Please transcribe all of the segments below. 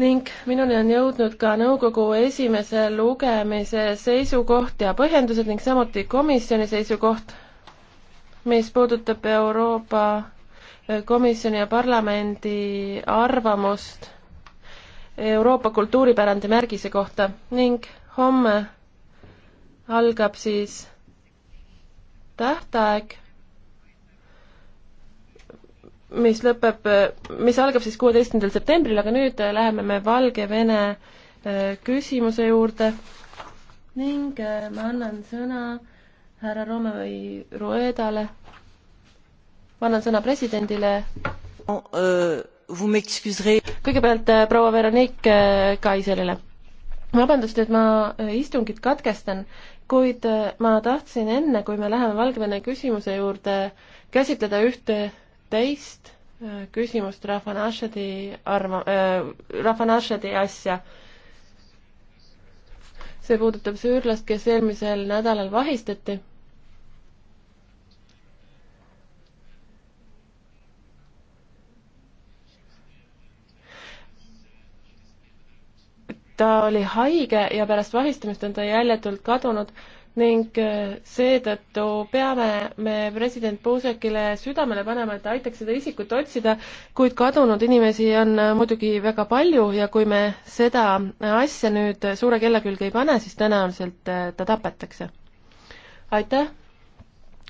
ning minuni on jõudnud ka nõukogu esimese lugemise seisukoht ja põhjendused ning samuti komisjoni seisukoht, mis puudutab Euroopa eh, Komisjoni ja parlamendi arvamust Euroopa kultuuripärandi märgise kohta ning homme algab siis tähtaeg mis lõpeb, mis algab siis kuueteistkümnendal septembril, aga nüüd läheme me Valgevene äh, küsimuse juurde ning äh, ma annan sõna härra Romevõi Ruedale, ma annan sõna presidendile. Euh, kõigepealt äh, proua Veronique Kaiserile. vabandust, et ma istungit katkestan, kuid ma tahtsin enne, kui me läheme Valgevene küsimuse juurde, käsitleda ühte teist äh, küsimust Rafanašadi arva- äh,, Rafanašadi asja. see puudutab süürlast, kes eelmisel nädalal vahistati. ta oli haige ja pärast vahistamist on ta jäljetult kadunud ning äh, seetõttu peame me president Buzekile südamele panema, et ta aitaks seda isikut otsida, kuid kadunud inimesi on äh, muidugi väga palju ja kui me seda äh, asja nüüd suure kella külge ei pane, siis tõenäoliselt ta tapetakse. aitäh!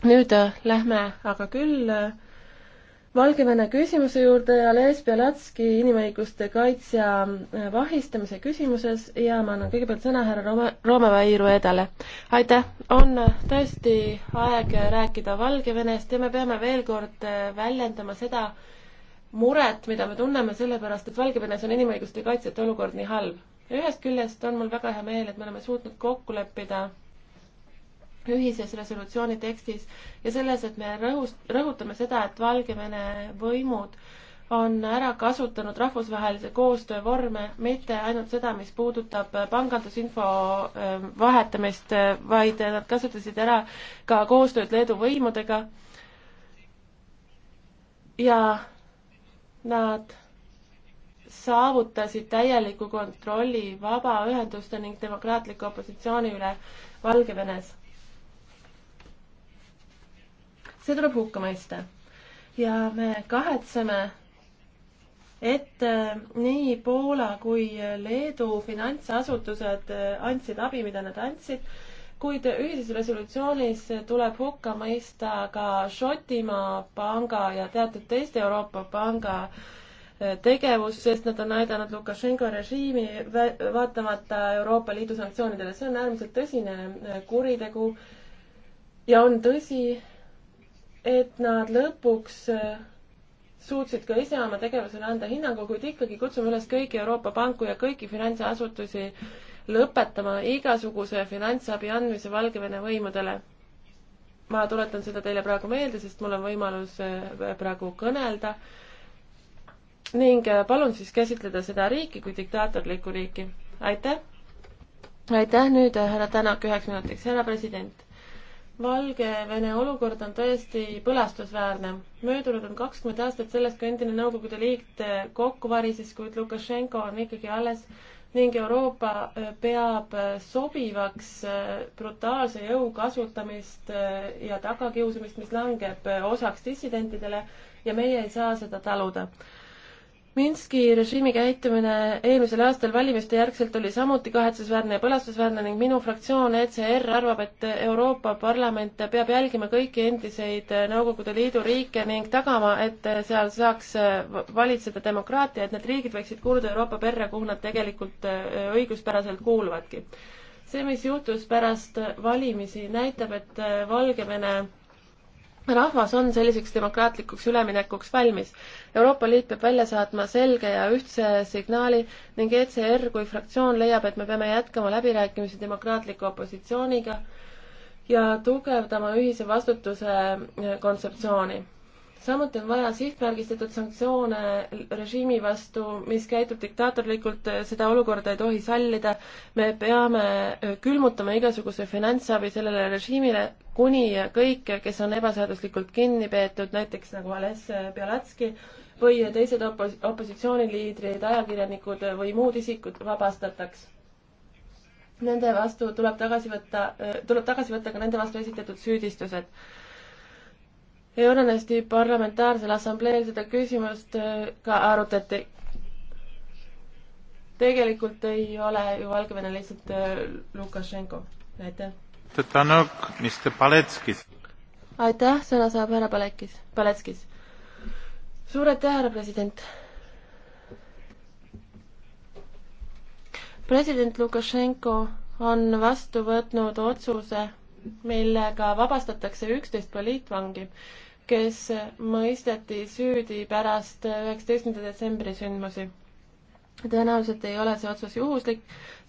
nüüd lähme aga küll Valgevene küsimuse juurde ja Lees Belatski inimõiguste kaitsja äh, vahistamise küsimuses ja ma annan kõigepealt sõna härra Roome, Roomeväe Iruedale. aitäh, on äh, tõesti aeg rääkida Valgevenest ja me peame veel kord äh, väljendama seda muret, mida me tunneme selle pärast, et Valgevenes on inimõiguste kaitsjate olukord nii halb. ühest küljest on mul väga hea meel, et me oleme suutnud kokku leppida ühises resolutsiooni tekstis ja selles, et me rõhust, rõhutame seda, et Valgevene võimud on ära kasutanud rahvusvahelise koostöö vorme, mitte ainult seda, mis puudutab pangandusinfo ähm, vahetamist, vaid nad kasutasid ära ka koostööd Leedu võimudega ja nad saavutasid täieliku kontrolli vabaühenduste ning demokraatliku opositsiooni üle Valgevenes see tuleb hukka mõista. ja me kahetseme, et äh, nii Poola kui Leedu finantsasutused äh, andsid abi, mida nad andsid, kuid ühises resolutsioonis tuleb hukka mõista ka Šotimaa panga ja teatud teiste Euroopa panga äh, tegevus, sest nad on aidanud Lukašenko režiimi vaatamata Euroopa Liidu sanktsioonidele. see on äärmiselt tõsine kuritegu ja on tõsi, et nad lõpuks äh, suutsid ka ise oma tegevusele anda hinnangu, kuid ikkagi kutsume üles kõiki Euroopa panku ja kõiki finantsasutusi lõpetama igasuguse finantsabi andmise Valgevene võimudele. ma tuletan seda teile praegu meelde, sest mul on võimalus äh, praegu kõnelda. ning äh, palun siis käsitleda seda riiki kui diktaatorlikku riiki. aitäh! aitäh nüüd härra Tänak üheks minutiks, härra president Valgevene olukord on tõesti põlastusväärne. möödunud on kakskümmend aastat sellest, kui endine Nõukogude Liit kokku varises, kuid Lukašenko on ikkagi alles ning Euroopa äh, peab äh, sobivaks äh, brutaalse jõu kasutamist ja tagakiusamist, mis langeb osaks dissidentidele ja meie ei saa seda taluda. Minski režiimi käitumine eelmisel aastal valimiste järgselt oli samuti kahetsusväärne ja põlastusväärne ning minu fraktsioon ECR arvab, et Euroopa Parlament peab jälgima kõiki endiseid Nõukogude Liidu riike ning tagama, et seal saaks valitseda demokraatia, et need riigid võiksid kuuluda Euroopa perre, kuhu nad tegelikult õiguspäraselt kuuluvadki. see, mis juhtus pärast valimisi, näitab, et Valgevene rahvas on selliseks demokraatlikuks üleminekuks valmis. Euroopa Liit peab välja saatma selge ja ühtse signaali ning ECR kui fraktsioon leiab, et me peame jätkama läbirääkimisi demokraatliku opositsiooniga ja tugevdama ühise vastutuse kontseptsiooni samuti on vaja sihtmärgistatud sanktsioone režiimi vastu, mis käitub diktaatorlikult, seda olukorda ei tohi sallida. me peame külmutama igasuguse finantsabi sellele režiimile, kuni kõik, kes on ebaseaduslikult kinni peetud, näiteks nagu Alessio Bialatski või teised opos-, opositsiooniliidrid, ajakirjanikud või muud isikud vabastataks nende vastu tuleb tagasi võtta, tuleb tagasi võtta ka nende vastu esitatud süüdistused. Euronesti parlamentaarsel assambleel seda küsimust äh, ka arutati. tegelikult ei ole ju Valgevene lihtsalt äh, Lukašenko, aitäh. aitäh, sõna saab härra Palekis, Paletskis. suur aitäh, härra president. president Lukašenko on vastu võtnud otsuse millega vabastatakse üksteist poliitvangi, kes mõisteti süüdi pärast üheksateistkümnenda detsembri sündmusi. tõenäoliselt ei ole see otsus juhuslik,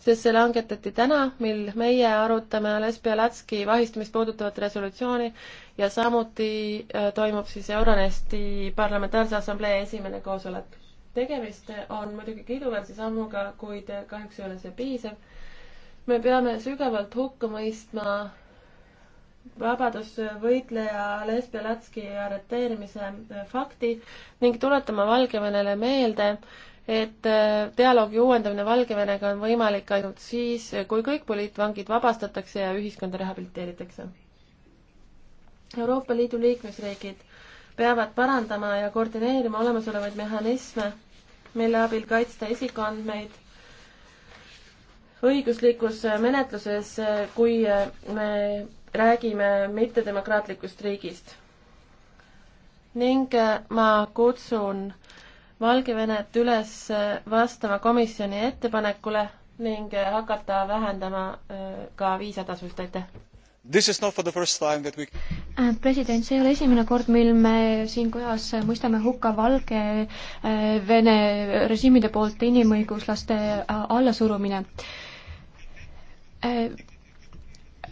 sest see langetati täna, mil meie arutame Ales Bialatski vahistamist puudutavat resolutsiooni ja samuti äh, toimub siis Euronesti Parlamentaarse Assamblee esimene koosolek. tegemist on muidugi kiiduväärse sammuga, kuid kahjuks ei ole see piisav. me peame sügavalt hukka mõistma vabadusvõitleja Ales Belatski arreteerimise fakti ning tuletama Valgevenele meelde, et äh, dialoogi uuendamine Valgevenega on võimalik ainult siis, kui kõik poliitvangid vabastatakse ja ühiskonda rehabiliteeritakse. Euroopa Liidu liikmesriigid peavad parandama ja koordineerima olemasolevaid mehhanisme, mille abil kaitsta isikuandmeid õiguslikus menetluses, kui äh, me räägime mittedemokraatlikust riigist. ning äh, ma kutsun Valgevenet üles äh, vastama komisjoni ettepanekule ning äh, hakata vähendama ka viisatasust, aitäh! We... president, see ei ole esimene kord, mil me siin kojas mõistame hukka Valgevene režiimide poolt inimõiguslaste allasurumine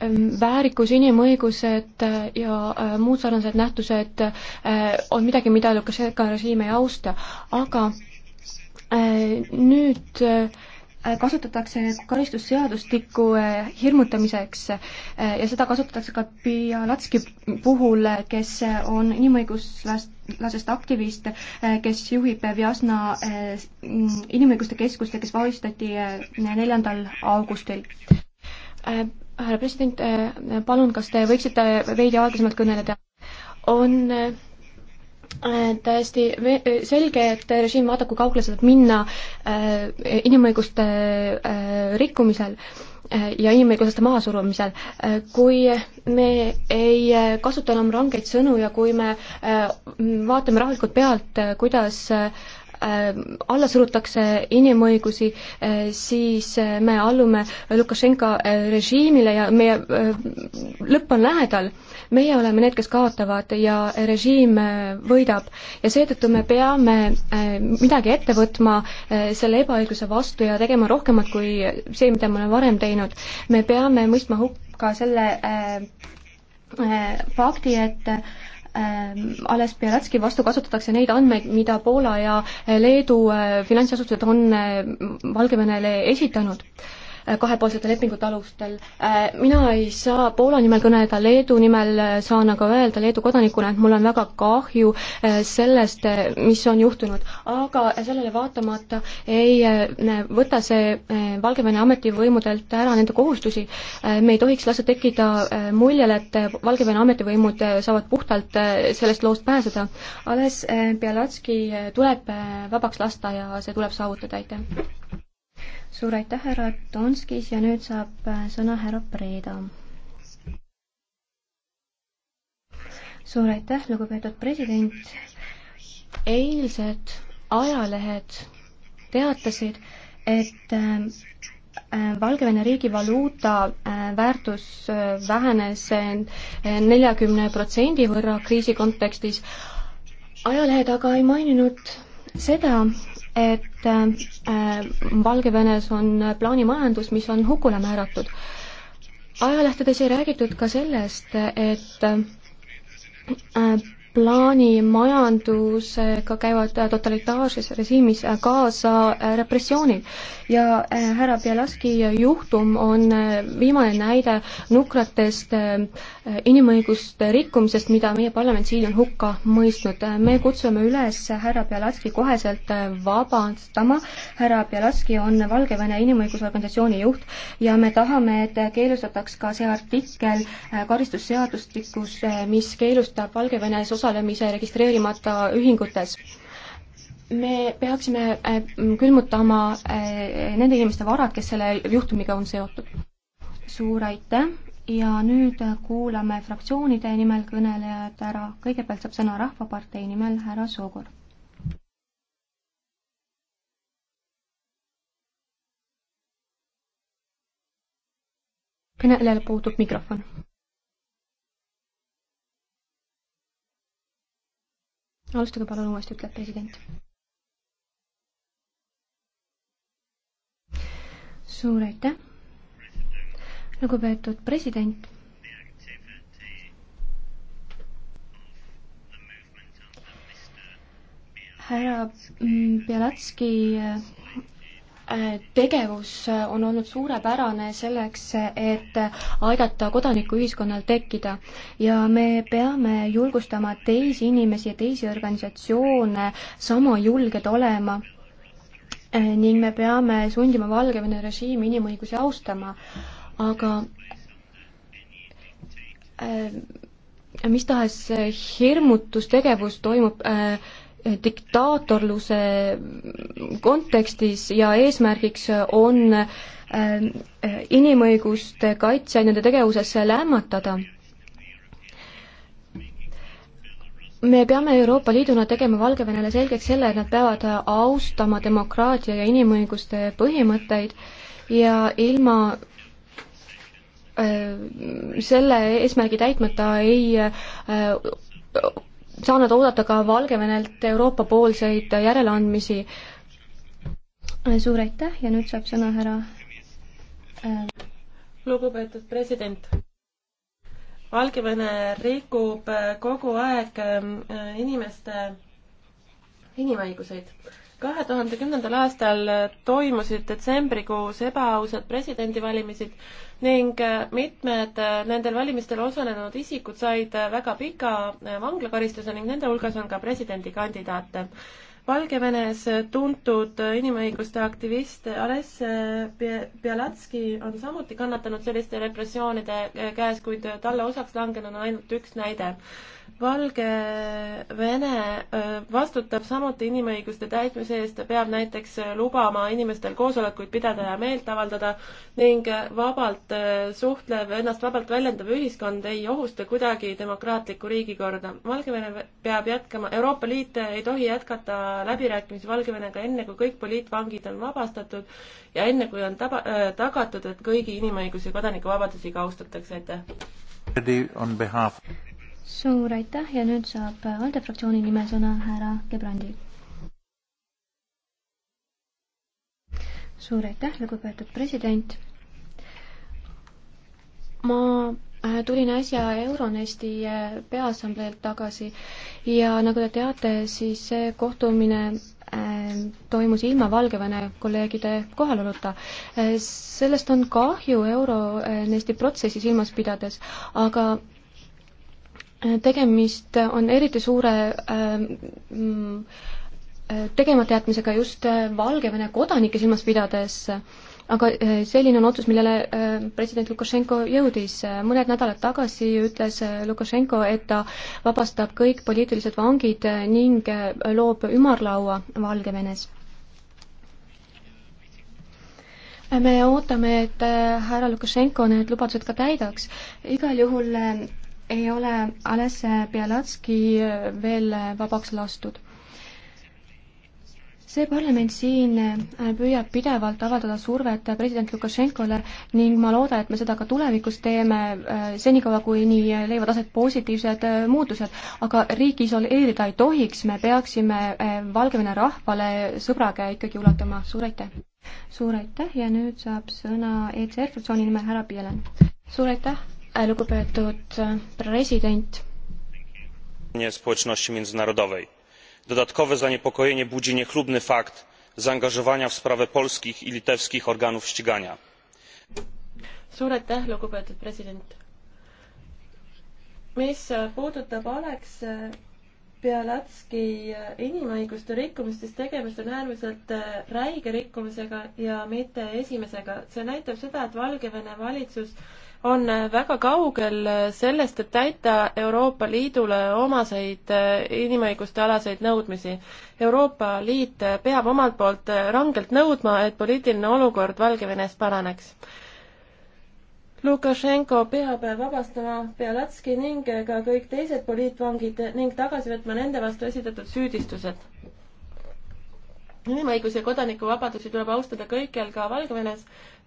Ehm, väärikus, inimõigused äh, ja äh, muud sarnased nähtused äh, on midagi, mida Lukašenka režiim ei austa, aga nüüd kasutatakse karistusseadustikku hirmutamiseks ja seda kasutatakse ka Bialatski puhul, kes on inimõiguslasest aktivist, kes juhib Vjasna inimõiguste keskust ja kes vahistati neljandal augustil härra president, eh, palun, kas te võiksite veidi aeglasemalt kõneleda? on eh, täiesti selge, et režiim vaatab, kui kaugele saab minna eh, inimõiguste rikkumisel ja inimõiguste mahasurumisel. kui me ei kasuta enam rangeid sõnu ja kui me vaatame rahulikult pealt, kuidas äh, Äh, alla surutakse inimõigusi, äh, siis äh, me allume Lukašenka režiimile ja meie lõpp on lähedal. meie oleme need, kes kaotavad ja režiim võidab ja seetõttu me peame midagi ette võtma selle ebaõigluse vastu ja tegema rohkemat kui see, mida me oleme varem teinud. me peame mõistma hukka selle fakti, et Ehm, alles Bielatski vastu kasutatakse neid andmeid, mida Poola ja eh, Leedu eh, finantsasutused on eh, Valgevenele esitanud kahepoolsete lepingute alustel. Äh, mina ei saa Poola nimel kõneleda, Leedu nimel äh, saan aga öelda Leedu kodanikuna, et mul on väga kahju äh, sellest, mis on juhtunud. aga sellele vaatamata ei võta see Valgevene ametivõimudelt ära nende kohustusi. me ei tohiks lasta tekkida muljele, et Valgevene ametivõimud saavad puhtalt sellest loost pääseda. alles Bielatski tuleb vabaks lasta ja see tuleb saavutada, aitäh! suur aitäh, härra Tonskis ja nüüd saab äh, sõna härra Preeda. suur aitäh, lugupeetud president. eilsed ajalehed teatasid, et äh, äh, Valgevene riigi valuuta väärtus vähenes neljakümne protsendi võrra kriisi kontekstis. ajalehed aga ei maininud seda, et äh, äh, Valgevenes on plaanimajandus, mis on hukule määratud. ajalehtedes ei räägitud ka sellest, et äh, plaani majandusega käivad totalitaarses režiimis kaasa repressioonid. ja äh, härra Bielaski juhtum on äh, viimane näide nukratest äh, inimõiguste rikkumisest, mida meie parlament siin on hukka mõistnud. me kutsume üles härra Bielaski koheselt vabandama, härra Bielaski on Valgevene inimõigusorganisatsiooni juht ja me tahame, et keelustataks ka see artikkel karistusseadustikus, mis keelustab Valgevenes osalemise registreerimata ühingutes me peaksime äh, külmutama äh, nende inimeste varad, kes selle juhtumiga on seotud. suur aitäh ja nüüd äh, kuulame fraktsioonide nimel kõnelejad ära. kõigepealt saab sõna Rahvapartei nimel härra Soogor. kõnelejal puudub mikrofon. alustage palun uuesti, ütleb president. suur aitäh, lugupeetud president. härra Bielatski tegevus on olnud suurepärane selleks, et aidata kodanikuühiskonnal tekkida ja me peame julgustama teisi inimesi ja teisi organisatsioone sama julged olema ning me peame sundima Valgevene režiimi inimõigusi austama, aga äh, mis tahes hirmutustegevus toimub äh, diktaatorluse kontekstis ja eesmärgiks on ähm, inimõiguste kaitse nende tegevuses lämmatada. me peame Euroopa Liiduna tegema Valgevenele selgeks selle, et nad peavad austama demokraatia ja inimõiguste põhimõtteid ja ilma äh, selle eesmärgi täitmata ei äh, saanud oodata ka Valgevenelt Euroopa-poolseid järeleandmisi. suur aitäh ja nüüd saab sõna härra äh, lugupeetud president. Valgevene rikub kogu aeg äh, inimeste inimõiguseid kahe tuhande kümnendal aastal toimusid detsembrikuus ebaausad presidendivalimised ning äh, mitmed äh, nendel valimistel osalenud isikud said äh, väga pika vanglakaristuse ning nende hulgas on ka presidendikandidaate. Valgevenes tuntud inimõiguste aktivist Aless Bialatski on samuti kannatanud selliste repressioonide käes, kuid talle osaks langenud on ainult üks näide Valgevene vastutab samuti inimõiguste täitmise eest, ta peab näiteks lubama inimestel koosolekuid pidada ja meelt avaldada ning vabalt suhtlev, ennast vabalt väljendav ühiskond ei ohusta kuidagi demokraatlikku riigikorda. Valgevene peab jätkama, Euroopa Liit ei tohi jätkata läbirääkimisi Valgevenega enne, kui kõik poliitvangid on vabastatud ja enne, kui on taba- äh,, tagatud, et kõigi inimõigusi ja kodanikuvabadusi ka austatakse, aitäh! on behalf suur aitäh ja nüüd saab ALDE fraktsiooni nimel sõna härra Gebrandi. suur aitäh, lugupeetud president. ma äh, tulin äsja Euronesti äh, peaassambleelt tagasi ja nagu te teate, siis see kohtumine äh, toimus ilma Valgevene kolleegide kohaloluta. sellest on kahju Euronesti protsessi silmas pidades, aga Äh, tegemist äh, on eriti suure ähm, mm, äh, tegematajätmisega just Valgevene kodanikke silmas pidades, aga selline on otsus, millele president Lukašenko jõudis. mõned nädalad tagasi ütles Lukašenko, et ta vabastab kõik poliitilised vangid ning loob ümarlaua Valgevenes. me ootame, et härra Lukašenko need lubadused ka täidaks. igal juhul ei ole Alesse Bialatski veel vabaks lastud. see parlament siin püüab pidevalt avaldada survet president Lukašenkole ning ma loodan, et me seda ka tulevikus teeme, äh, senikaua kuni leiavad aset positiivsed äh, muutused, aga riiki isoleerida ei tohiks, me peaksime äh, Valgevene rahvale sõbrakäe ikkagi ulatama, suur aitäh! suur aitäh ja nüüd saab sõna ECR fraktsiooni nimel härra Pielen. suur aitäh! Äh, lugupeetud äh, president. społeczności międzynarodowej. dodatkowe zaniepokojenie budzi niechlubny fakt zaangażowania w sprawę polskich i litewskich organów ścigania. suur aitäh lugupeetud president mis äh, puudutab Aleks Bialatski inimõiguste rikkumist, siis tegemist on äärmiselt räige rikkumisega ja mitte esimesega. see näitab seda, et Valgevene valitsus on väga kaugel sellest, et täita Euroopa Liidule omaseid äh, inimõiguste alaseid nõudmisi. Euroopa Liit peab omalt poolt rangelt nõudma, et poliitiline olukord Valgevenes paraneks. Lukašenko peab vabastama Belatski ning ka kõik teised poliitvangid ning tagasi võtma nende vastu esitatud süüdistused. inimõigusi ja kodanikuvabadusi tuleb austada kõikjal, ka Valgevenes,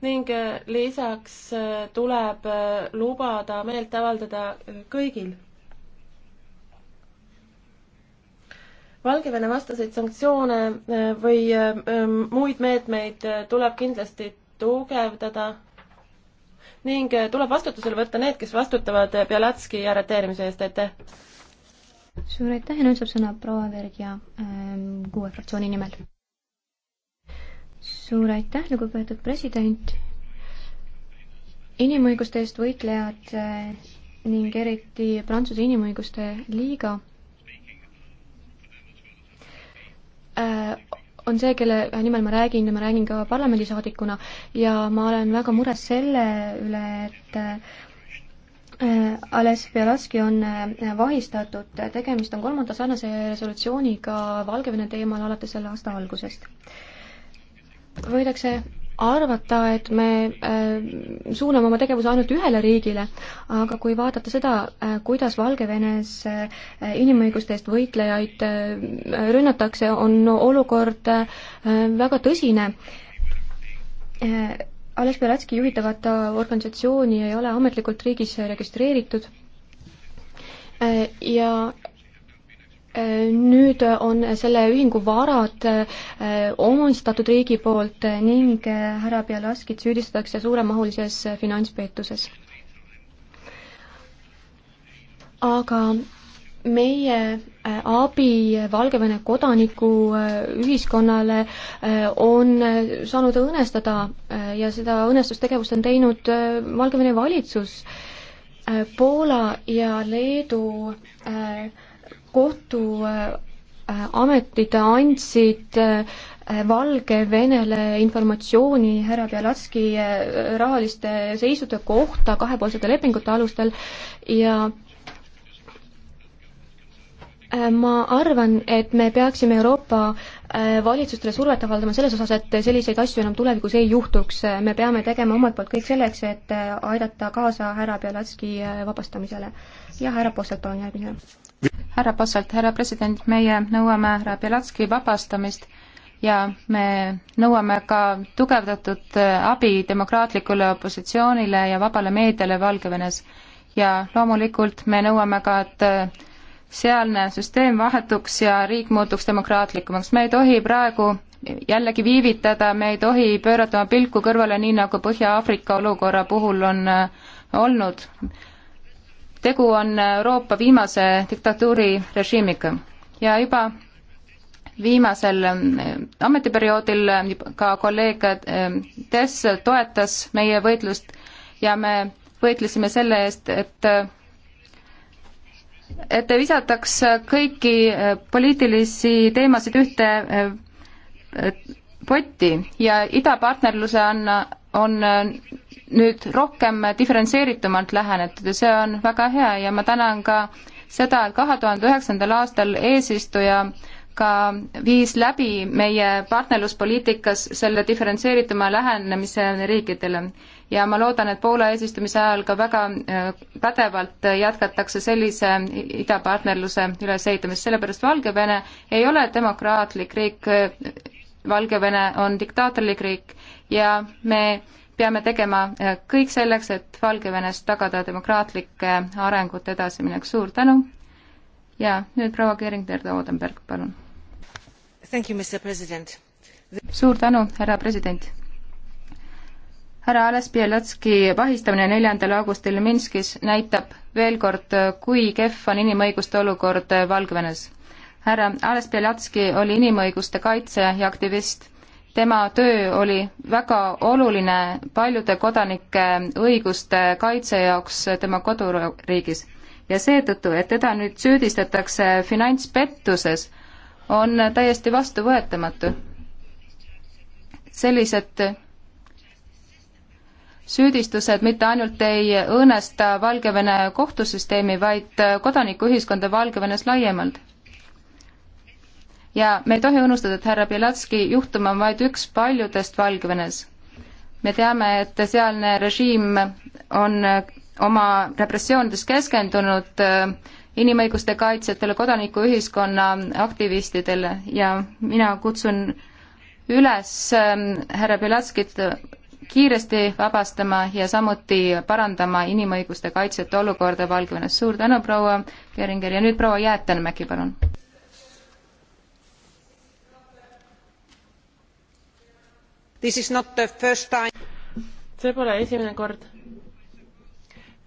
ning äh, lisaks äh, tuleb äh, lubada meelt avaldada kõigil. Valgevene vastaseid sanktsioone või ähm, muid meetmeid tuleb kindlasti tugevdada ning tuleb vastutusele võtta need, kes vastutavad Bjalatski arreteerimise eest, aitäh! suur aitäh ja nüüd saab sõna proua Vergia äh, kuue fraktsiooni nimel suur aitäh, lugupeetud president. inimõiguste eest võitlejad eh, ning eriti Prantsuse Inimõiguste Liiga eh, on see, kelle nimel ma räägin ja ma räägin ka parlamendisaadikuna ja ma olen väga mures selle üle, et eh, Ales Belaski on vahistatud, tegemist on kolmanda sarnase resolutsiooniga Valgevene teemal alates selle aasta algusest võidakse arvata, et me äh, suuname oma tegevuse ainult ühele riigile, aga kui vaadata seda, äh, kuidas Valgevenes äh, inimõiguste eest võitlejaid rünnatakse, on olukord väga tõsine. Alex Beletski juhitavat organisatsiooni ei ole ametlikult riigis registreeritud ja nüüd on selle ühingu varad äh, omistatud riigi poolt ning äh, härra Bialaskit süüdistatakse suuremahulises finantspeetuses. aga meie äh, abi Valgevene kodanikuühiskonnale on saanud õõnestada ja seda õõnestustegevust on teinud Valgevene valitsus. Poola ja Leedu äh, kohtuametid äh, andsid äh, Valgevenele informatsiooni härra Bialatski äh, rahaliste seisude kohta kahepoolsete lepingute alustel ja ma arvan, et me peaksime Euroopa valitsustele survet avaldama selles osas, et selliseid asju enam tulevikus ei juhtuks. me peame tegema omalt poolt kõik selleks, et aidata kaasa härra Bialatski vabastamisele. ja härra Posselt, palun järgmine härra Posselt, härra president, meie nõuame härra Belatski vabastamist ja me nõuame ka tugevdatud äh, abi demokraatlikule opositsioonile ja vabale meediale Valgevenes. ja loomulikult me nõuame ka, et äh, sealne süsteem vahetuks ja riik muutuks demokraatlikumaks. me ei tohi praegu jällegi viivitada, me ei tohi pöörata oma pilku kõrvale, nii nagu Põhja-Aafrika olukorra puhul on äh, olnud tegu on Euroopa viimase diktatuurirežiimiga ja juba viimasel ähm, ametiperioodil ka kolleeg ähm, Tess toetas meie võitlust ja me võitlesime selle eest, et et visataks kõiki äh, poliitilisi teemasid ühte äh, potti ja idapartnerluse on on äh, nüüd rohkem diferentseeritumalt lähenetud ja see on väga hea ja ma tänan ka seda, et kahe tuhande üheksandal aastal eesistuja ka viis läbi meie partnerluspoliitikas selle diferentseerituma lähenemise riikidele. ja ma loodan, et Poola eesistumise ajal ka väga äh, pädevalt jätkatakse sellise idapartnerluse ülesehitamist, sellepärast Valgevene ei ole demokraatlik riik Valgevene on diktaatorlik riik ja me peame tegema eh, kõik selleks, et Valgevenes tagada demokraatlike arengute edasiminek. suur tänu ja nüüd proua Kering-Terda Odenberg, palun. suur tänu, härra president. härra Ales Bielatski vahistamine neljandal augustil Minskis näitab veel kord, kui kehv on inimõiguste olukord Valgevenes härra Ales Beljatski oli inimõiguste kaitse ja aktivist. tema töö oli väga oluline paljude kodanike õiguste kaitse jaoks tema koduriigis. ja seetõttu, et teda nüüd süüdistatakse finantspettuses, on täiesti vastuvõetamatu. sellised süüdistused mitte ainult ei õõnesta Valgevene kohtusüsteemi, vaid kodanikuühiskonda Valgevenes laiemalt ja me ei tohi unustada, et härra Bielatski juhtum on vaid üks paljudest Valgevenes. me teame, et sealne režiim on äh, oma repressioonides keskendunud äh, inimõiguste kaitsjatele, kodanikuühiskonna aktivistidele ja mina kutsun üles ähm, härra Bielatskit kiiresti vabastama ja samuti parandama inimõiguste kaitsjate olukorda Valgevenes. suur tänu, proua Keringer ja nüüd proua Jäätenmäki, palun! see pole esimene kord,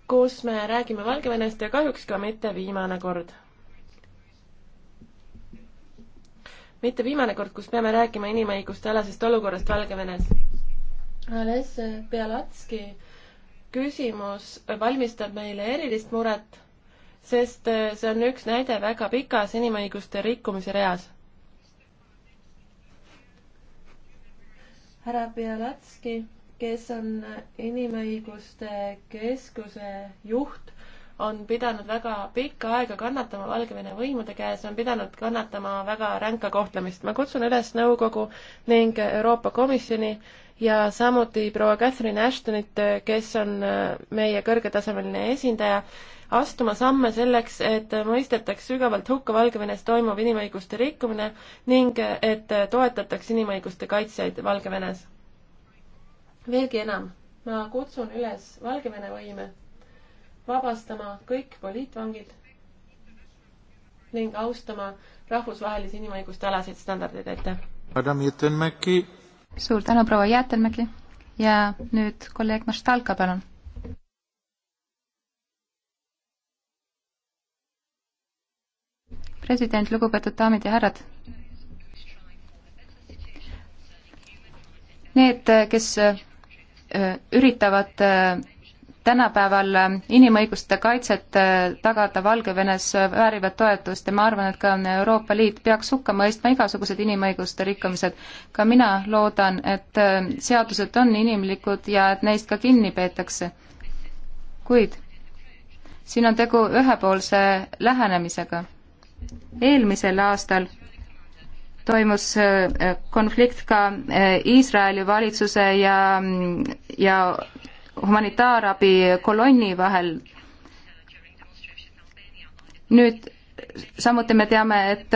kus me räägime Valgevenest ja kahjuks ka mitte viimane kord. mitte viimane kord, kus peame rääkima inimõiguste alasest olukorrast Valgevenes. Aless Bialatski küsimus valmistab meile erilist muret, sest see on üks näide väga pikas inimõiguste rikkumise reas härra Bialatski, kes on Inimõiguste Keskuse juht on pidanud väga pikka aega kannatama Valgevene võimude käes, on pidanud kannatama väga ränka kohtlemist. ma kutsun üles nõukogu ning Euroopa Komisjoni ja samuti proua Catherine Ashtonit, kes on äh, meie kõrgetasemeline esindaja, astuma samme selleks, et mõistetaks sügavalt hukka Valgevenes toimuv inimõiguste rikkumine ning äh, et toetataks inimõiguste kaitsjaid Valgevenes. veelgi enam, ma kutsun üles Valgevene võime vabastama kõik poliitvangid ning austama rahvusvahelisi inimõiguste alaseid standardeid, aitäh! suur tänu, proua Jäätelmägi ja nüüd kolleeg Maštalka, palun! president, lugupeetud daamid ja härrad! Need, kes äh, üritavad äh, tänapäeval inimõiguste kaitset äh, tagada Valgevenes väärivad toetust ja ma arvan, et ka Euroopa Liit peaks hukka mõistma igasugused inimõiguste rikkumised. ka mina loodan, et äh, seadused on inimlikud ja et neist ka kinni peetakse. kuid siin on tegu ühepoolse lähenemisega. eelmisel aastal toimus äh, konflikt ka Iisraeli valitsuse ja, ja humanitaarabi kolonni vahel. nüüd samuti me teame, et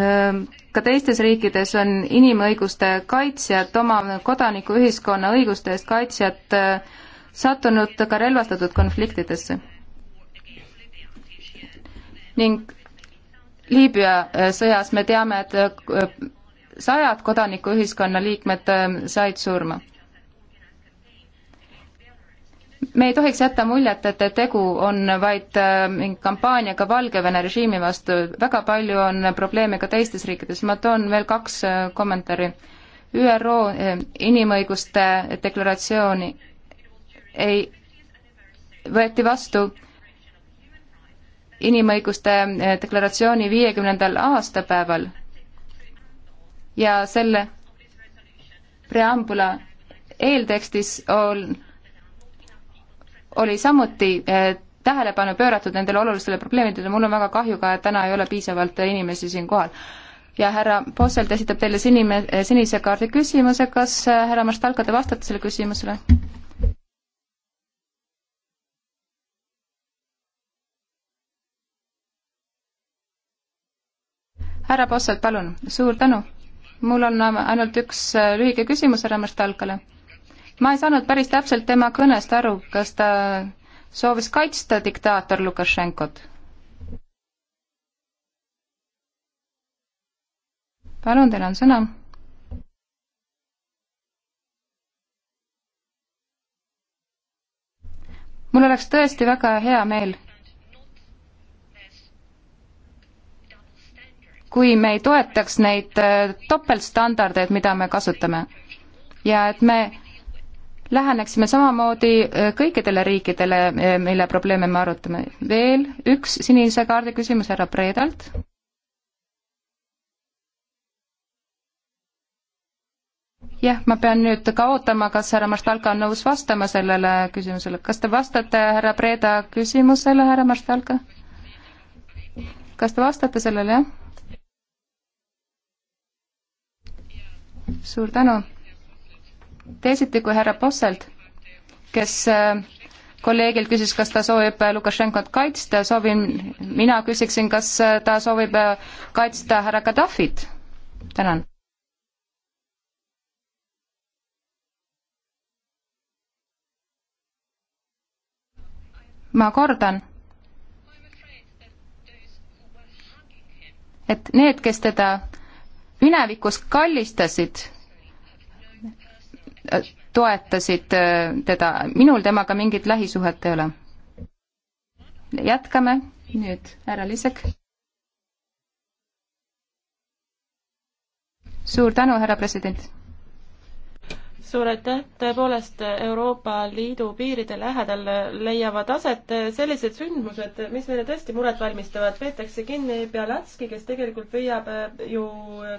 ähm, ka teistes riikides on inimõiguste kaitsjad, oma kodanikuühiskonna õiguste eest kaitsjad äh, sattunud ka relvastatud konfliktidesse. ning Liibüa äh, sõjas me teame, et äh, sajad kodanikuühiskonna liikmed said surma me ei tohiks jätta muljet, et tegu on vaid äh, kampaaniaga Valgevene režiimi vastu, väga palju on probleeme ka teistes riikides, ma toon veel kaks äh, kommentaari. ÜRO äh, inimõiguste deklaratsiooni ei, võeti vastu inimõiguste deklaratsiooni viiekümnendal aastapäeval ja selle preambula eeltekstis on oli samuti eh, tähelepanu pööratud nendele olulistele probleemidele, mul on väga kahju ka, et täna ei ole piisavalt eh, inimesi siin kohal. ja härra Posselt esitab teile sinime-, eh, sinise kaardi küsimuse, kas härra Mastalka, te vastate sellele küsimusele? härra Posselt, palun, suur tänu. mul on ainult üks lühike küsimus härra Mastalkale ma ei saanud päris täpselt tema kõnest aru, kas ta soovis kaitsta diktaator Lukašenkot. palun, teil on sõna. mul oleks tõesti väga hea meel, kui me ei toetaks neid äh, topeltstandardeid, mida me kasutame ja et me läheneksime samamoodi eh, kõikidele riikidele, eh, mille probleeme me arutame. veel üks sinise kaardi küsimus härra Predalt. jah, ma pean nüüd ka ootama, kas härra Maštalka on nõus vastama sellele küsimusele. kas te vastate härra Preda küsimusele, härra Maštalka? kas te vastate sellele, jah? suur tänu teisiti kui härra Posselt, kes äh, kolleegilt küsis, kas ta soovib äh, Lukašenkot kaitsta, soovin, mina küsiksin, kas äh, ta soovib kaitsta härra Gaddafit. tänan. ma kordan, et need, kes teda minevikus kallistasid toetasid äh, teda. minul temaga mingit lähisuhet ei ole. jätkame nüüd, härra Liisek. suur tänu, härra president. suur aitäh, tõepoolest Euroopa Liidu piiride lähedal leiavad aset sellised sündmused, mis meile tõesti muret valmistavad. peetakse kinni Bialatski, kes tegelikult püüab äh, ju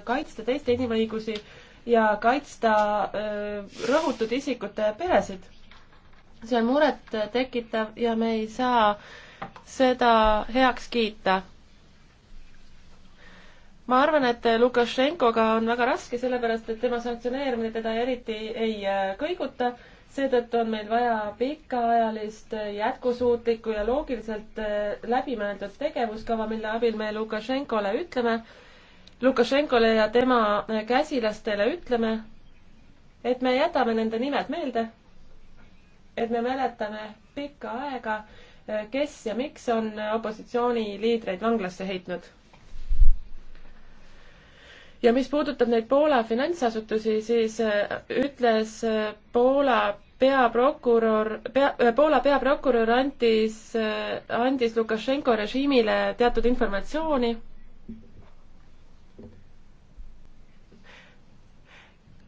kaitsta teiste inimõigusi ja kaitsta äh, rõhutud isikute peresid. see on muret tekitav ja me ei saa seda heaks kiita. ma arvan, et Lukašenkoga on väga raske, sellepärast et tema sanktsioneerimine teda eriti ei äh, kõiguta, seetõttu on meil vaja pikaajalist, äh, jätkusuutlikku ja loogiliselt läbimõeldud tegevuskava, mille abil me Lukašenkole ütleme, Lukašenkole ja tema käsilastele ütleme, et me jätame nende nimed meelde, et me mäletame pikka aega, kes ja miks on opositsiooniliidreid vanglasse heitnud. ja mis puudutab neid Poola finantsasutusi, siis äh, ütles äh, Poola peaprokurör, pea, äh, Poola peaprokurör andis, andis Lukašenko režiimile teatud informatsiooni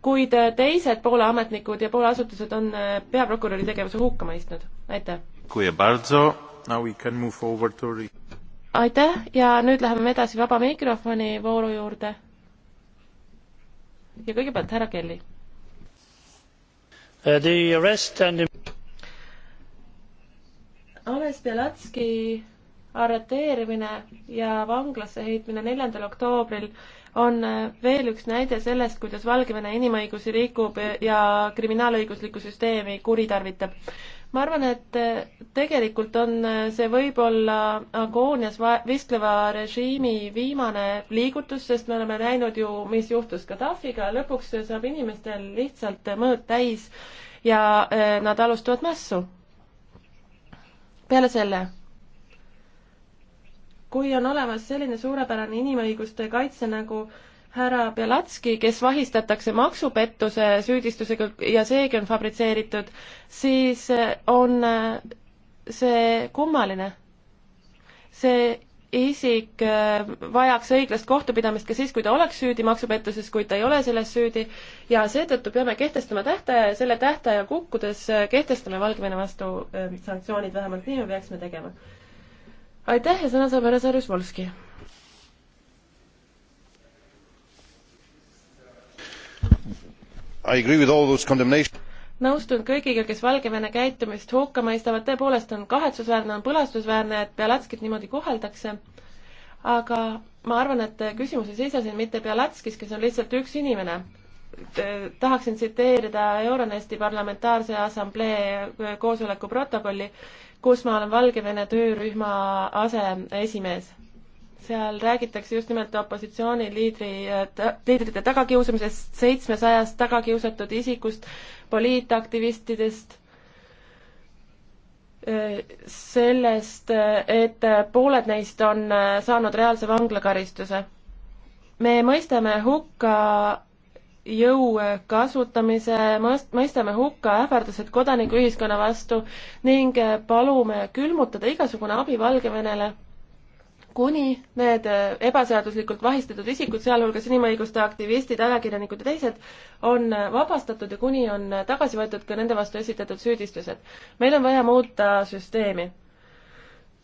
kuid äh, teised Poola ametnikud ja Poola asutused on äh, peaprokuröri tegevuse hukka mõistnud. aitäh! aitäh ja nüüd läheme edasi vaba mikrofoni vooru juurde. ja kõigepealt härra Kelly. Uh, the arrest and the... Ales Belatski arreteerimine ja vanglasse heitmine neljandal oktoobril on äh, veel üks näide sellest, kuidas Valgevene inimõigusi rikub ja kriminaalõiguslikku süsteemi kuritarvitab. ma arvan, et äh, tegelikult on äh, see võib-olla agoonias viskleva režiimi viimane liigutus, sest me oleme näinud ju, mis juhtus Gaddafiga, lõpuks saab inimestel lihtsalt mõõt täis ja nad alustavad mässu. peale selle kui on olemas selline suurepärane inimõiguste kaitse nagu härra Belatski, kes vahistatakse maksupettuse süüdistusega ja seegi on fabritseeritud, siis äh, on äh, see kummaline. see isik äh, vajaks õiglast kohtupidamist ka siis, kui ta oleks süüdi maksupettuses, kuid ta ei ole selles süüdi ja seetõttu peame kehtestama tähtaja ja selle tähtaja kukkudes kehtestame Valgevene vastu sanktsioonid, vähemalt nii me peaksime tegema aitäh ja sõna saab härra Sarjus Volski. I agree with all those condemnation nõustun kõigiga, kes Valgevene käitumist hukka mõistavad, tõepoolest on kahetsusväärne, on põlastusväärne, et Belatskit niimoodi koheldakse, aga ma arvan, et küsimus ei seisa siin mitte Belatskis, kes on lihtsalt üks inimene. tahaksin tsiteerida Euronesti parlamentaarse assamblee koosoleku protokolli, kus ma olen Valgevene töörühma aseesimees. seal räägitakse just nimelt opositsiooniliidri, liidrite tagakiusamisest, seitsmesajast tagakiusatud isikust, poliitaktivistidest sellest, et pooled neist on saanud reaalse vanglakaristuse. me mõistame hukka jõu kasutamise, mõistame hukka ähvardused kodanikuühiskonna vastu ning palume külmutada igasugune abi Valgevenele, kuni need ebaseaduslikult vahistatud isikud, sealhulgas inimõiguste aktivistid, ajakirjanikud ja teised, on vabastatud ja kuni on tagasi võetud ka nende vastu esitatud süüdistused. meil on vaja muuta süsteemi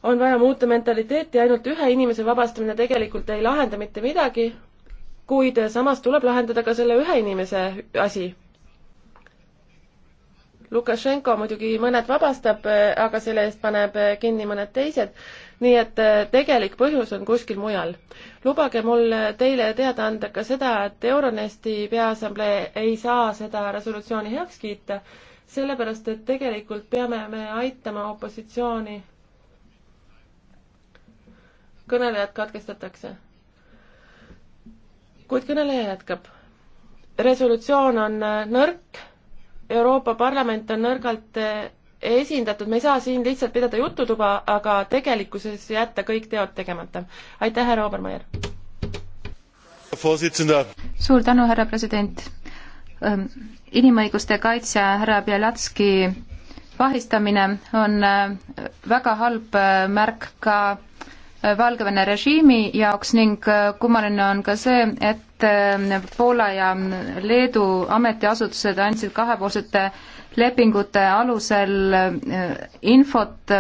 on vaja muuta mentaliteeti, ainult ühe inimese vabastamine tegelikult ei lahenda mitte midagi, kuid samas tuleb lahendada ka selle ühe inimese asi. Lukašenko muidugi mõned vabastab, aga selle eest paneb kinni mõned teised, nii et tegelik põhjus on kuskil mujal. lubage mul teile teada anda ka seda, et Euronesti Peaassamblee ei saa seda resolutsiooni heaks kiita, sellepärast et tegelikult peame me aitama opositsiooni. kõnelejad katkestatakse kuid kõneleja jätkab. resolutsioon on äh, nõrk, Euroopa Parlament on nõrgalt äh, esindatud, me ei saa siin lihtsalt pidada jututuba, aga tegelikkuses jätta kõik teod tegemata. aitäh, härra Obermeier! suur tänu, härra president! Ähm, inimõiguste kaitsja härra Bielatski vahistamine on äh, väga halb märk ka äh, Valgevene režiimi jaoks ning äh, kummaline on ka see, et äh, Poola ja Leedu ametiasutused andsid kahepoolsete lepingute alusel äh, infot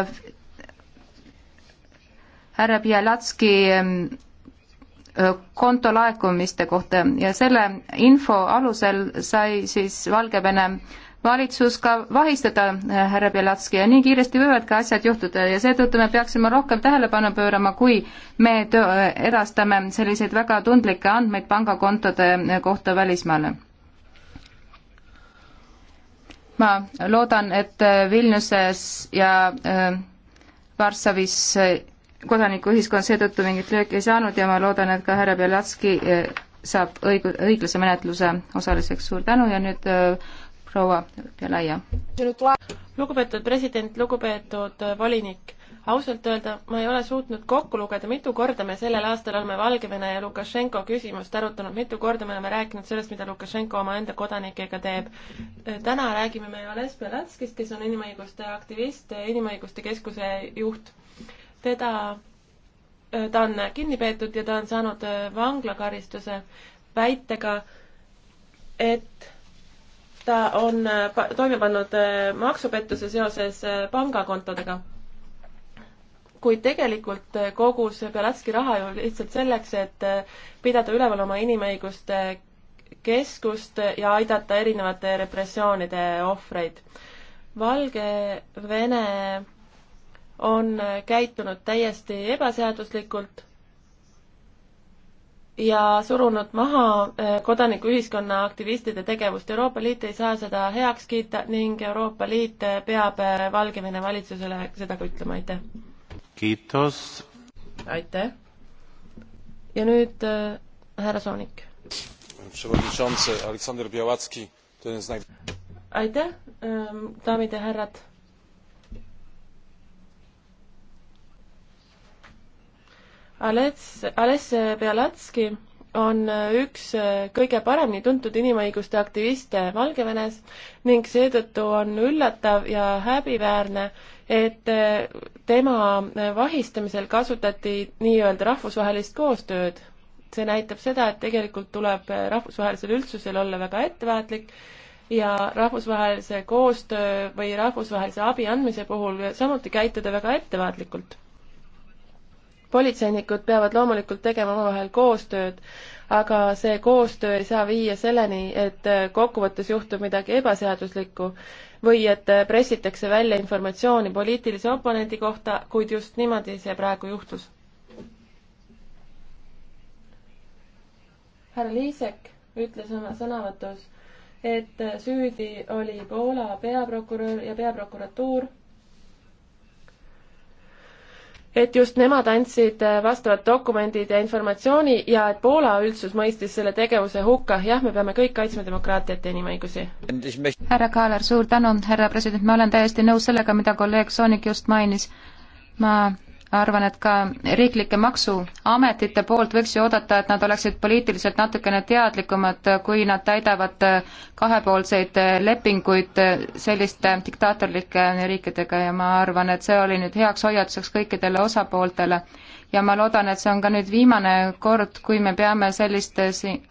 härra Bielatski ähm, konto laekumiste kohta ja selle info alusel sai siis Valgevene äh, valitsus ka vahistada äh, härra Belatski ja nii kiiresti võivadki asjad juhtuda ja seetõttu me peaksime rohkem tähelepanu pöörama, kui me edastame selliseid väga tundlikke andmeid pangakontode äh, kohta välismaale. ma loodan, et äh, Vilniuses ja Varssavis kodanikuühiskond seetõttu mingit lööki ei saanud ja ma loodan, et ka härra Belatski saab õigu-, õiglase menetluse osaliseks, suur tänu ja nüüd äh, proua Pjalaia. lugupeetud president, lugupeetud volinik, ausalt öelda ma ei ole suutnud kokku lugeda, mitu korda me sellel aastal oleme Valgevene ja Lukašenko küsimust arutanud, mitu korda me oleme rääkinud sellest, mida Lukašenko omaenda kodanikega teeb. täna räägime me Ales Belatskist, kes on inimõiguste aktivist, Inimõiguste Keskuse juht. teda ta on kinni peetud ja ta on saanud vanglakaristuse väitega, et ta on toime pannud äh, maksupettuse seoses äh, pangakontodega. kuid tegelikult äh, kogus Belatski raha ju lihtsalt selleks, et pidada üleval oma inimõiguste keskust ja aidata erinevate repressioonide ohvreid. Valgevene on käitunud täiesti ebaseaduslikult ja surunud maha eh, kodanikuühiskonna aktivistide tegevust. Euroopa Liit ei saa seda heaks kiita ning Euroopa Liit eh, peab eh, Valgevene valitsusele seda ka ütlema, aitäh! kiitos! aitäh! ja nüüd härra Soonik. aitäh, ehm, daamid ja härrad! Alets, Aless Bialatski on üks kõige paremini tuntud inimõiguste aktiviste Valgevenes ning seetõttu on üllatav ja häbiväärne, et tema vahistamisel kasutati nii-öelda rahvusvahelist koostööd. see näitab seda, et tegelikult tuleb rahvusvahelisel üldsusel olla väga ettevaatlik ja rahvusvahelise koostöö või rahvusvahelise abi andmise puhul samuti käituda väga ettevaatlikult politseinikud peavad loomulikult tegema omavahel koostööd, aga see koostöö ei saa viia selleni, et kokkuvõttes juhtub midagi ebaseaduslikku või et pressitakse välja informatsiooni poliitilise oponendi kohta, kuid just niimoodi see praegu juhtus. härra Liisek ütles oma sõnavõtus, et süüdi oli Poola peaprokurör ja peaprokuratuur et just nemad andsid äh, vastavad dokumendid ja informatsiooni ja et Poola üldsus mõistis selle tegevuse hukka. jah, me peame kõik kaitsma demokraatiat ja inimõigusi. härra Kaaler, suur tänu, härra president, ma olen täiesti nõus sellega, mida kolleeg Soonik just mainis. ma arvan, et ka riiklike maksuametite poolt võiks ju oodata, et nad oleksid poliitiliselt natukene teadlikumad, kui nad täidavad kahepoolseid lepinguid selliste diktaatorlike riikidega ja ma arvan, et see oli nüüd heaks hoiatuseks kõikidele osapooltele. ja ma loodan, et see on ka nüüd viimane kord, kui me peame sellist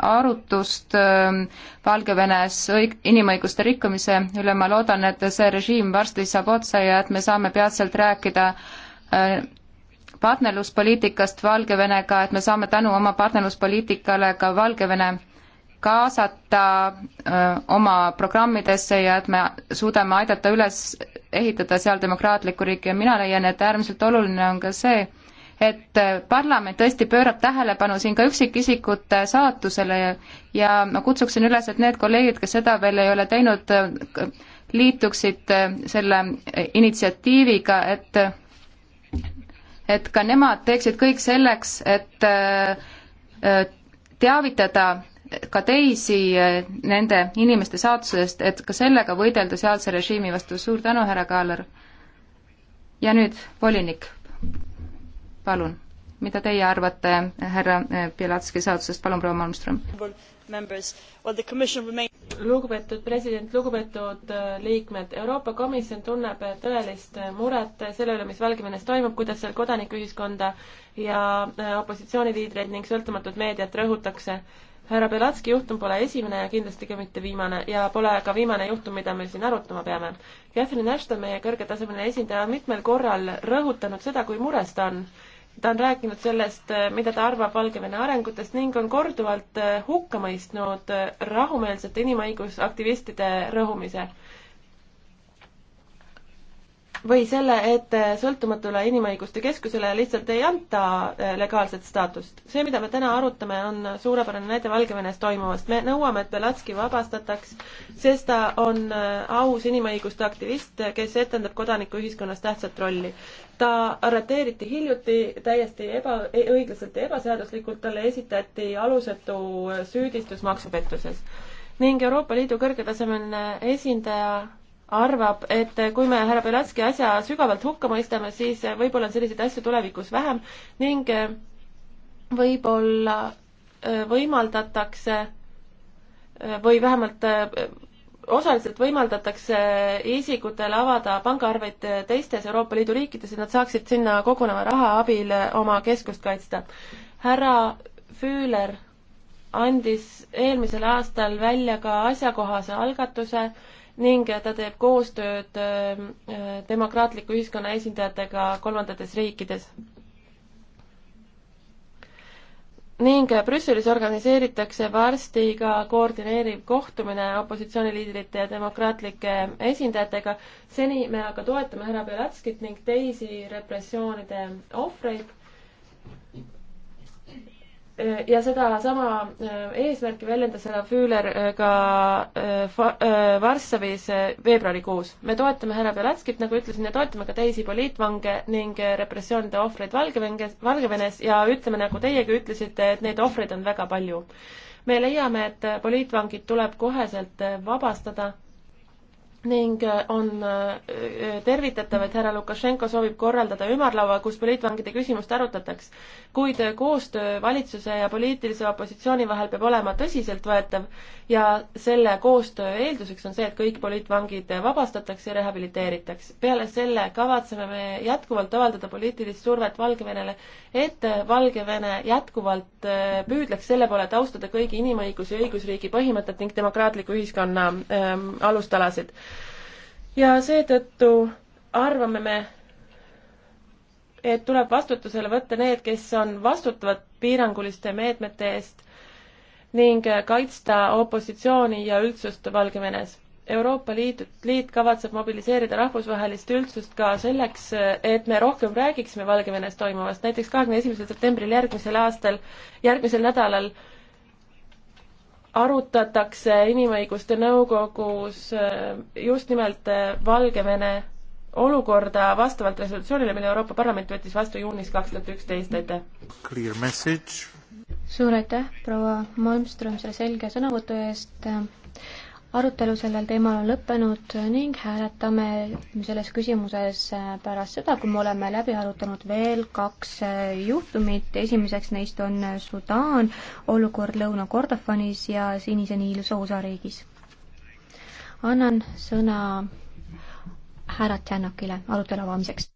arutust ähm, Valgevenes õig-, inimõiguste rikkumise üle, ma loodan, et see režiim varsti saab otsa ja et me saame peatselt rääkida äh, partnerluspoliitikast Valgevenega, et me saame tänu oma partnerluspoliitikale ka Valgevene kaasata öö, oma programmidesse ja et me suudame aidata üles ehitada seal demokraatlikku riiki ja mina leian, et äärmiselt oluline on ka see, et parlament tõesti pöörab tähelepanu siin ka üksikisikute saatusele ja, ja ma kutsuksin üles, et need kolleegid, kes seda veel ei ole teinud, liituksid selle initsiatiiviga, et et ka nemad teeksid kõik selleks, et äh, äh, teavitada ka teisi äh, nende inimeste saatusest, et ka sellega võidelda sealse režiimi vastu. suur tänu, härra Kaaler. ja nüüd volinik, palun, mida teie arvate härra Bielatski saatusest, palun, proua Malmström? lugupeetud president, lugupeetud äh, liikmed, Euroopa Komisjon tunneb tõelist äh, muret selle üle, mis Valgevenes toimub, kuidas seal kodanikuühiskonda ja äh, opositsiooniliidreid ning sõltumatut meediat rõhutakse. härra Belatski juhtum pole esimene ja kindlasti ka mitte viimane ja pole ka viimane juhtum, mida me siin arutama peame. Catherine Ashton, meie kõrgetasemeline esindaja, on mitmel korral rõhutanud seda, kui mures ta on ta on rääkinud sellest, mida ta arvab Valgevene arengutest ning on korduvalt hukka mõistnud rahumeelsete inimõigusaktivistide rõhumise või selle, et sõltumatule inimõiguste keskusele lihtsalt ei anta eh, legaalset staatust. see, mida me täna arutame, on suurepärane näide Valgevenes toimuvast. me nõuame, et Belatski vabastataks, sest ta on eh, aus inimõiguste aktivist, kes etendab kodanikuühiskonnas tähtsat rolli. ta arreteeriti hiljuti täiesti eba, e, õiglaselt ja ebaseaduslikult, talle esitati alusetu süüdistus maksupettuses ning Euroopa Liidu kõrgetasemeline esindaja arvab, et kui me härra Belatski asja sügavalt hukka mõistame, siis võib-olla on selliseid asju tulevikus vähem ning äh, võib-olla äh, võimaldatakse äh, või vähemalt osaliselt võimaldatakse isikutel avada pangaarveid teistes Euroopa Liidu riikides, et nad saaksid sinna koguneva raha abil oma keskust kaitsta. härra Füüler andis eelmisel aastal välja ka asjakohase algatuse, ning ta teeb koostööd äh, demokraatliku ühiskonna esindajatega kolmandates riikides. ning Brüsselis organiseeritakse varsti ka koordineeriv kohtumine opositsiooniliidrite ja demokraatlike esindajatega. seni me aga toetame härra Belatskit ning teisi repressioonide ohvreid Äh, ja sedasama äh, eesmärki väljendas härra Füüler äh, ka Varssavis veebruarikuus. me toetame härra Belatskit, nagu ütlesin, ja toetame ka teisi poliitvange ning repressioonide ohvreid Valgevenes, Valgevenes ja ütleme, nagu teiegi ütlesite, et neid ohvreid on väga palju. me leiame, et poliitvangid tuleb koheselt vabastada ning äh, on äh, tervitatav, et härra Lukašenko soovib korraldada ümarlaua, kus poliitvangide küsimust arutataks. kuid äh, koostöö valitsuse ja poliitilise opositsiooni vahel peab olema tõsiseltvõetav ja selle koostöö eelduseks on see, et kõik poliitvangid vabastatakse ja rehabiliteeritakse. peale selle kavatseme me jätkuvalt avaldada poliitilist survet Valgevenele, et Valgevene jätkuvalt püüdleks selle poole, et austada kõigi inimõigusi ja õigusriigi põhimõtet ning demokraatliku ühiskonna ähm, alustalasid ja seetõttu arvame me, et tuleb vastutusele võtta need, kes on vastutavad piiranguliste meetmete eest ning kaitsta opositsiooni ja üldsust Valgevenes. Euroopa Liit, liit kavatseb mobiliseerida rahvusvahelist üldsust ka selleks, et me rohkem räägiksime Valgevenes toimuvast. näiteks kahekümne esimesel septembril järgmisel aastal, järgmisel nädalal äh, arutatakse Inimõiguste Nõukogus eh, just nimelt eh, Valgevene olukorda vastavalt resolutsioonile, mille Euroopa Parlament võttis vastu juunis kaks tuhat üksteist, aitäh! suur aitäh, proua Malmström, selle selge sõnavõtu eest arutelu sellel teemal on lõppenud ning hääletame selles küsimuses pärast seda, kui me oleme läbi arutanud veel kaks juhtumit. esimeseks neist on Sudaan, olukord Lõuna-Kordofanis ja Sinise Niilu soosariigis. annan sõna härra Tšännokile arutelu avamiseks.